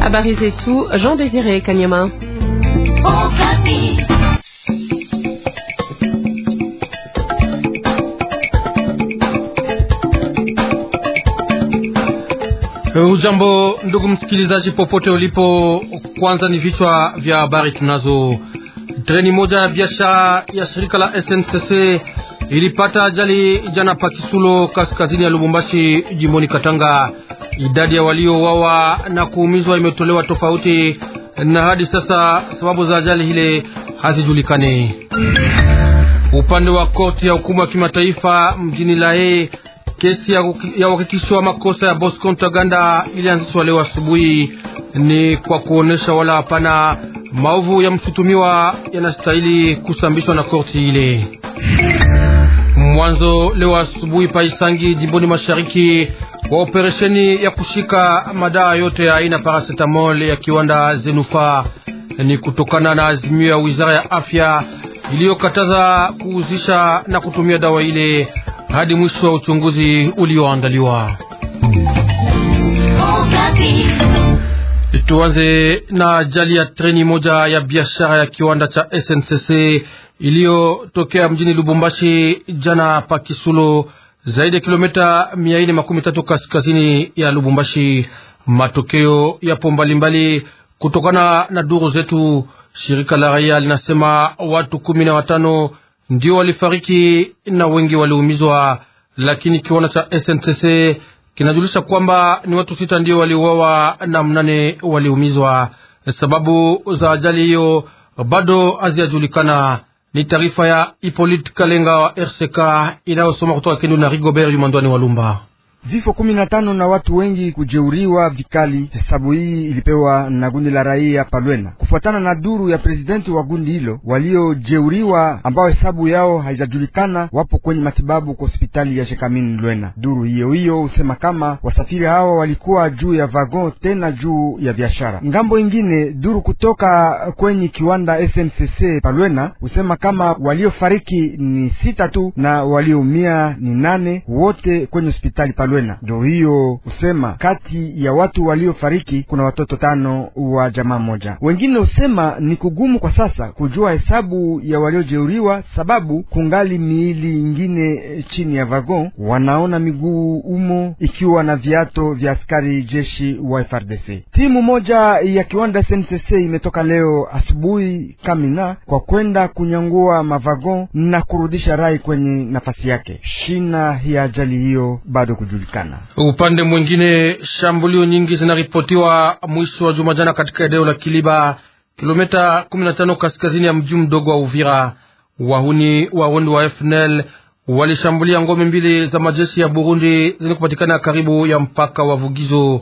Habari zetu Jean Désiré Kanyama. Eh, ujambo ndugu msikilizaji, popote ulipo, kwanza ni vichwa vya habari tunazo. Treni moja ya biashara ya shirika la SNCC ilipata ajali jana Pakisulo, kaskazini ya Lubumbashi, jimboni Katanga. Idadi ya waliowawa na kuumizwa imetolewa tofauti, na hadi sasa sababu za ajali hile hazijulikani. Upande wa korti ya hukumu ya kimataifa mjini Lae, kesi ya uhakikisho wa makosa ya Bosco Ntaganda ilianzishwa leo asubuhi. Ni kwa kuonesha wala hapana maovu ya mshutumiwa yanastahili kusambishwa na korti ile. Mwanzo leo asubuhi paisangi jimboni mashariki kwa operesheni ya kushika madawa yote ya aina paracetamol ya kiwanda Zenufa. Ni kutokana na azimio ya wizara ya afya iliyokataza kuuzisha na kutumia dawa ile hadi mwisho wa uchunguzi ulioandaliwa. Tuanze na ajali ya treni moja ya biashara ya kiwanda cha SNCC iliyotokea mjini Lubumbashi jana pa Kisulo zaidi ya kilomita mia nne makumi tatu kaskazini ya Lubumbashi. Matokeo yapo mbalimbali kutokana na duru zetu. Shirika la raia linasema watu kumi na watano ndio walifariki na wengi waliumizwa, lakini kiwanda cha SNCC kinajulisha kwamba ni watu sita ndio waliuawa na mnane waliumizwa. Sababu za ajali hiyo bado hazijajulikana. Ni taarifa ya Hippolyte Kalenga wa RCK inayosoma kutoka Kindu na Rigobert Yumandwani wa Lumba vifo kumi na tano na watu wengi kujeuriwa vikali. Hesabu hii ilipewa na gundi la raia Palwena kufuatana na duru ya prezidenti wa gundi hilo. Waliojeuriwa ambao hesabu yao haijajulikana wapo kwenye matibabu kwa hospitali ya Shekamin Lwena. Duru hiyo hiyo husema kama wasafiri hawa walikuwa juu ya vagon tena juu ya biashara. Ngambo ingine, duru kutoka kwenye kiwanda SMCC Palwena husema kama waliofariki ni sita tu na walioumia ni nane, wote kwenye hospitali Palwena. Lwena. Ndio hiyo husema kati ya watu waliofariki kuna watoto tano wa jamaa moja. Wengine husema ni kugumu kwa sasa kujua hesabu ya waliojeuriwa, sababu kungali miili ingine eh, chini ya vagon, wanaona miguu umo, ikiwa na viato vya askari jeshi wa FRDC. Timu moja ya kiwanda SNCC imetoka leo asubuhi Kamina kwa kwenda kunyangua mavagon na kurudisha rai kwenye nafasi yake. Shina ya ajali hiyo bado kujulika kujulikana. Upande mwingine, shambulio nyingi zinaripotiwa mwisho wa jumajana katika eneo la Kiliba, kilomita 15 kaskazini ya mji mdogo wa Uvira. Wahuni waondi wa FNL walishambulia ngome mbili za majeshi ya Burundi zenye kupatikana karibu ya mpaka wa Vugizo.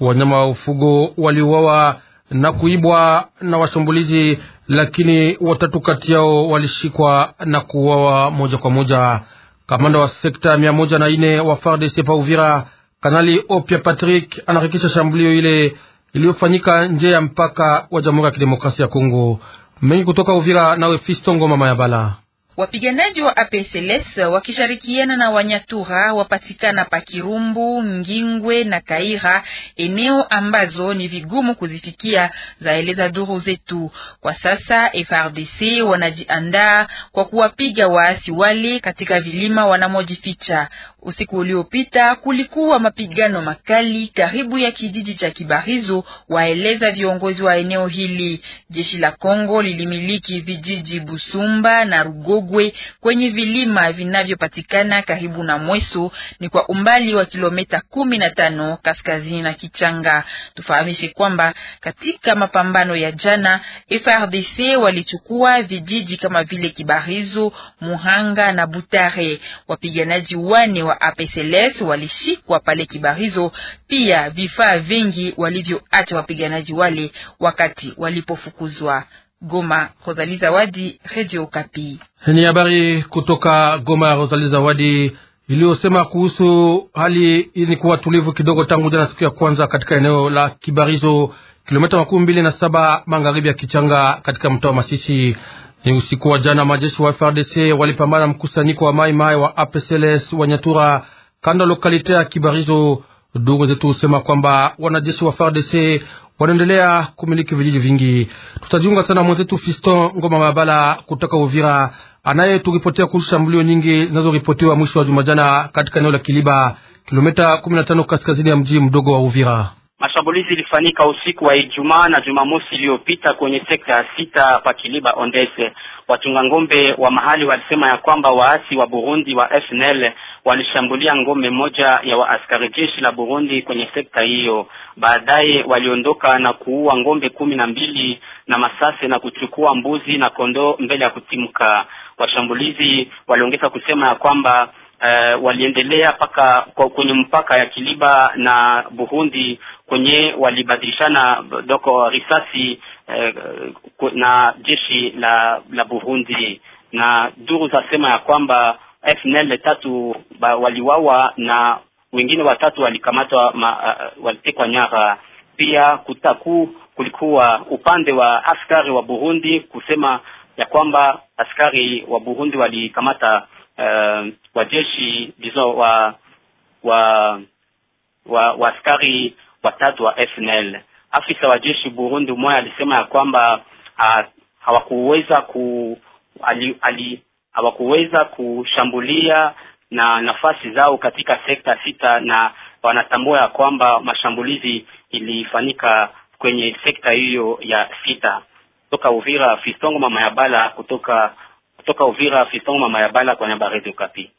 Wanyama wa ufugo waliuawa na kuibwa na washambulizi, lakini watatu kati yao walishikwa na kuuawa moja kwa moja. Kamanda wa sekta mia moja na ine wa FARDC pa Uvira, Kanali Opia Patrick anarekisha shambulio ile iliyofanyika nje ya mpaka wa Jamhuri ya Kidemokrasia ya Kongo. Mengi kutoka Uvira, nawe Fistongo mama ya Bala. Wapiganaji wa APSLS wakishirikiana na Wanyatura wapatikana pa Kirumbu, Ngingwe na Kaira, eneo ambazo ni vigumu kuzifikia, zaeleza duru zetu. Kwa sasa FRDC wanajiandaa kwa kuwapiga waasi wale katika vilima wanamojificha. Usiku uliopita kulikuwa mapigano makali karibu ya kijiji cha Kibarizo, waeleza viongozi wa eneo hili. Jeshi la Kongo lilimiliki vijiji Busumba na Rugogo Rugwe kwenye vilima vinavyopatikana karibu na Mweso ni kwa umbali wa kilomita kumi na tano kaskazini na Kichanga. Tufahamishe kwamba katika mapambano ya jana FRDC walichukua vijiji kama vile Kibarizo, Muhanga na Butare. Wapiganaji wane wa APCLS walishikwa pale Kibarizo, pia vifaa vingi walivyoacha wapiganaji wale wakati walipofukuzwa. Goma. Rosalie Zawadi, Radio Okapi. Ni habari kutoka Goma. Rosalie Zawadi iliyosema kuhusu hali ni kuwa tulivu kidogo tangu jana siku ya kwanza katika eneo la Kibarizo, kilomita makumi mbili na saba magharibi ya Kichanga katika mtaa wa Masisi. Ni usiku wa jana, majeshi wa FRDC walipambana mkusanyiko wa Mai Mai wa APCLS wa Nyatura kando lokalite ya Kibarizo. Ndugu zetu husema kwamba wanajeshi wa FARDC wanaendelea kumiliki vijiji vingi. Tutajiunga tena mwenzetu Fiston Ngoma Mabala kutoka Uvira anaye turipotia kuhusu shambulio nyingi zinazoripotiwa mwisho wa jumajana katika eneo la Kiliba, kilomita 15 kaskazini ya mji mdogo wa Uvira. Mashambulizi ilifanyika usiku wa Ijumaa na Jumamosi iliyopita kwenye sekta ya sita pa Kiliba Ondese. Wachunga ng'ombe wa mahali walisema ya kwamba waasi wa Burundi wa FNL walishambulia ngome moja ya waaskari jeshi la Burundi kwenye sekta hiyo. Baadaye waliondoka na kuua ng'ombe kumi na mbili na masase na kuchukua mbuzi na kondoo mbele ya kutimka. Washambulizi waliongeza kusema ya kwamba Uh, waliendelea paka kwenye mpaka ya Kiliba na Burundi kwenye walibadilishana doko risasi Eh, na jeshi la la Burundi, na duru zasema ya kwamba FNL tatu waliwawa na wengine watatu walikamatwa, eh, walitekwa nyara. Pia kutaku kulikuwa upande wa askari wa Burundi kusema ya kwamba askari wa Burundi walikamata uh, eh, wajeshi dizo wa wa wa askari watatu wa FNL afisa wa jeshi Burundi mmoja alisema ya kwamba ah, hawakuweza ku ali, ali, hawakuweza kushambulia na nafasi zao katika sekta sita, na wanatambua ya kwamba mashambulizi ilifanyika kwenye sekta hiyo ya sita. Kutoka Uvira, Fistongo mama ya Bala, kutoka kutoka Uvira, Fistongo mama ya Bala kwa niaba ya Radio Kapi.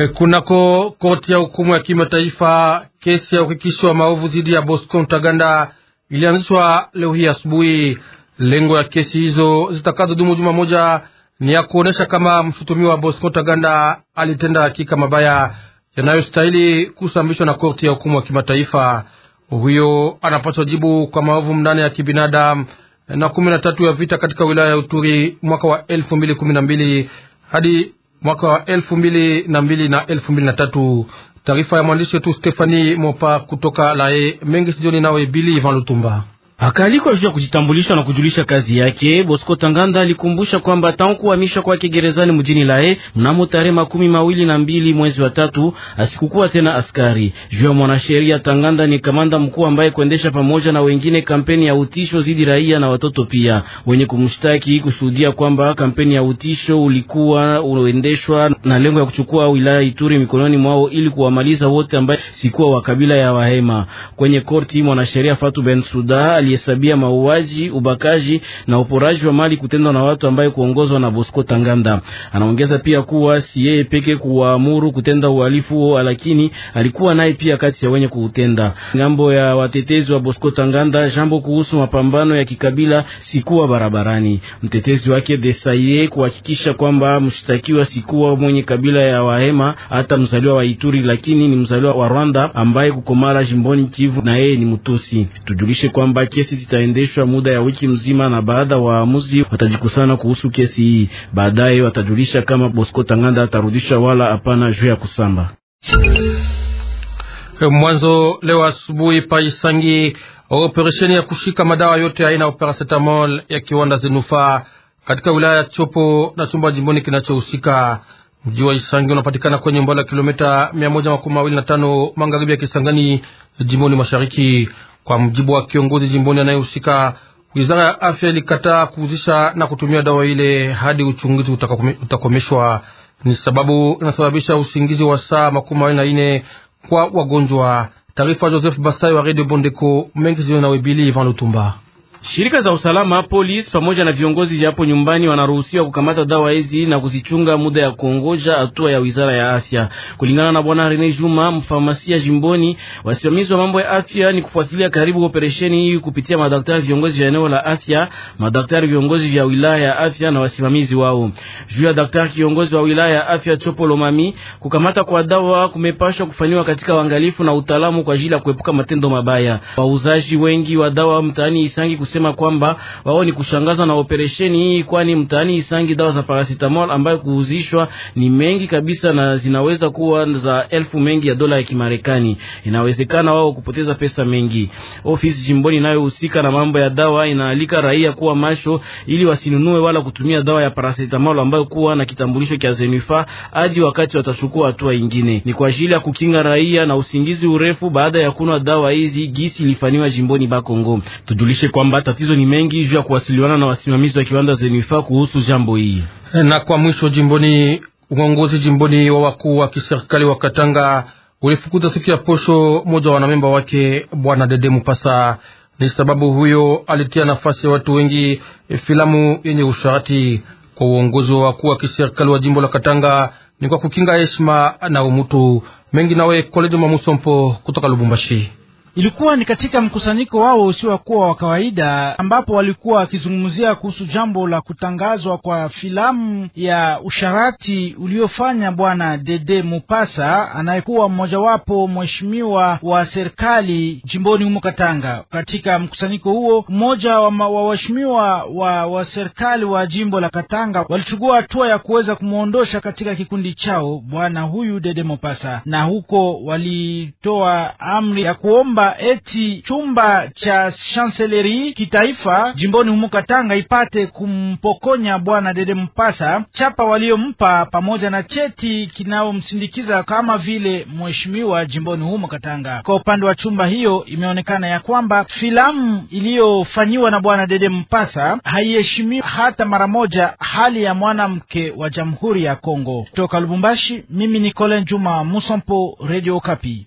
Eh, kunako korti ya hukumu ya kimataifa, kesi ya ukikishi wa maovu dhidi ya Bosco Ntaganda ilianzishwa leo hii asubuhi. Lengo ya kesi hizo zitakazodumu juma moja ni ya kuonesha kama mshutumiwa Bosco Ntaganda alitenda hakika mabaya yanayostahili kusambishwa na korti ya hukumu ya kimataifa. Huyo anapaswa jibu kwa maovu mnane ya kibinadamu na kumi na tatu ya vita katika wilaya ya Uturi mwaka wa elfu mbili kumi na mbili hadi mwaka wa elfu mbili na mbili na elfu mbili na tatu. Taarifa ya mwandishi wetu Stefani Mopa kutoka Lae Mengi Sijoni, nawe Bili Van Lutumba. Akaalikwa juu ya kujitambulisha na kujulisha kazi yake. Bosco Tanganda alikumbusha kwamba tangu kuhamishwa kwake gerezani mjini Lae mnamo tarehe makumi mawili na mbili mwezi wa tatu asikukuwa tena askari. Juu ya mwanasheria Tanganda ni kamanda mkuu ambaye kuendesha pamoja na wengine kampeni ya utisho zidi raia na watoto pia. Wenye kumshtaki kushuhudia kwamba kampeni ya utisho ulikuwa unaendeshwa na lengo ya kuchukua wilaya Ituri mikononi mwao ili kuwamaliza wote ambaye sikuwa wa kabila ya Wahema. Kwenye korti mwanasheria Fatu Ben Suda alihesabia mauaji, ubakaji na uporaji wa mali kutendwa na watu ambaye kuongozwa na Bosco Tanganda. Anaongeza pia kuwa si yeye peke kuwaamuru kutenda uhalifu huo, lakini alikuwa naye pia kati ya wenye kuutenda. Ngambo ya watetezi wa Bosco Tanganda, jambo kuhusu mapambano ya kikabila sikuwa barabarani. Mtetezi wake Desaye kuhakikisha kwamba mshtakiwa sikuwa mwenye kabila ya Wahema hata mzaliwa wa Ituri, lakini ni mzaliwa wa Rwanda ambaye kukomara jimboni Kivu na yeye ni Mtusi. Tujulishe kwamba kesi zitaendeshwa muda ya wiki mzima, na baada waamuzi watajikusana kuhusu kesi hii. Baadaye watajulisha kama Bosco Tanganda atarudisha wala hapana juu ya kusamba mwanzo leo asubuhi paisangi operesheni ya kushika madawa yote aina ya paracetamol ya kiwanda Zenufa katika wilaya ya Chopo na chumba jimboni kinachohusika. Mji wa Isangi unapatikana kwenye umbali wa kilomita 125 magharibi ya Kisangani, jimboni mashariki. Kwa mjibu wa kiongozi jimboni anayehusika, wizara ya afya ilikataa kuuzisha na kutumia dawa ile hadi uchunguzi utakomeshwa. Ni sababu inasababisha usingizi wa saa makumi mawili na nne kwa wagonjwa. Taarifa Joseph Basai wa Radio Bondeko mengi zio na Webili Van Lutumba. Shirika za usalama polisi pamoja na viongozi hapo nyumbani wanaruhusiwa kukamata dawa hizi na kuzichunga muda ya kuongoja hatua ya wizara ya afya. Kulingana na bwana Rene Juma, mfamasia jimboni, wasimamizi wa mambo ya afya ni kufuatilia karibu operesheni hii kupitia madaktari viongozi vya eneo la afya, madaktari viongozi vya wilaya ya afya na wasimamizi wao. Juu ya daktari kiongozi wa wilaya ya afya Chopo Lomami, kukamata kwa dawa kumepashwa kufanywa katika uangalifu na utaalamu kwa ajili ya kuepuka matendo mabaya. Wauzaji wengi wa dawa mtaani Isangi kusema kwamba wao ni kushangazwa na operesheni hii, kwani mtaani Isangi dawa za paracetamol ambayo kuuzishwa ni mengi kabisa na zinaweza kuwa za elfu mengi ya dola ya Kimarekani. Inawezekana wao kupoteza pesa mengi. Ofisi jimboni inayohusika na mambo ya dawa inaalika raia kuwa macho ili wasinunue wala kutumia dawa ya paracetamol ambayo kuwa na kitambulisho cha Zenifa hadi wakati watachukua hatua ingine. Ni kwa ajili ya kukinga raia na usingizi urefu baada ya kunwa dawa hizi, gisi ilifanywa jimboni Bakongo. Tujulishe kwamba Matatizo ni mengi juu ya kuwasiliana na wasimamizi wa kiwanda Zenifa kuhusu jambo hii. Na kwa mwisho, jimboni uongozi jimboni wa wakuu wa kiserikali wa Katanga ulifukuza siku ya posho moja wa wanamemba wake bwana Dede Mupasa. Ni sababu huyo alitia nafasi ya watu wengi filamu yenye usharati. Kwa uongozi wa wakuu wa kiserikali wa jimbo la Katanga ni kwa kukinga heshima na umutu mengi. Nawe Koleji Mamusompo kutoka Lubumbashi. Ilikuwa ni katika mkusanyiko wao usiokuwa wa kawaida ambapo walikuwa wakizungumzia kuhusu jambo la kutangazwa kwa filamu ya usharati uliofanya Bwana Dede Mupasa anayekuwa mmojawapo mheshimiwa wa serikali jimboni humo Katanga. Katika mkusanyiko huo, mmoja wa waheshimiwa wa, wa serikali wa jimbo la Katanga walichukua hatua ya kuweza kumwondosha katika kikundi chao bwana huyu Dede Mupasa, na huko walitoa amri ya kuomba eti chumba cha chanseleri kitaifa jimboni humo Katanga ipate kumpokonya bwana Dede Mpasa chapa waliompa pamoja na cheti kinayomsindikiza kama vile mheshimiwa jimboni humo Katanga. Kwa upande wa chumba hiyo, imeonekana ya kwamba filamu iliyofanyiwa na bwana Dede Mpasa haiheshimiwi hata mara moja hali ya mwanamke wa Jamhuri ya Kongo. toka Lubumbashi, mimi ni Colin Juma Musompo, Radio Kapi.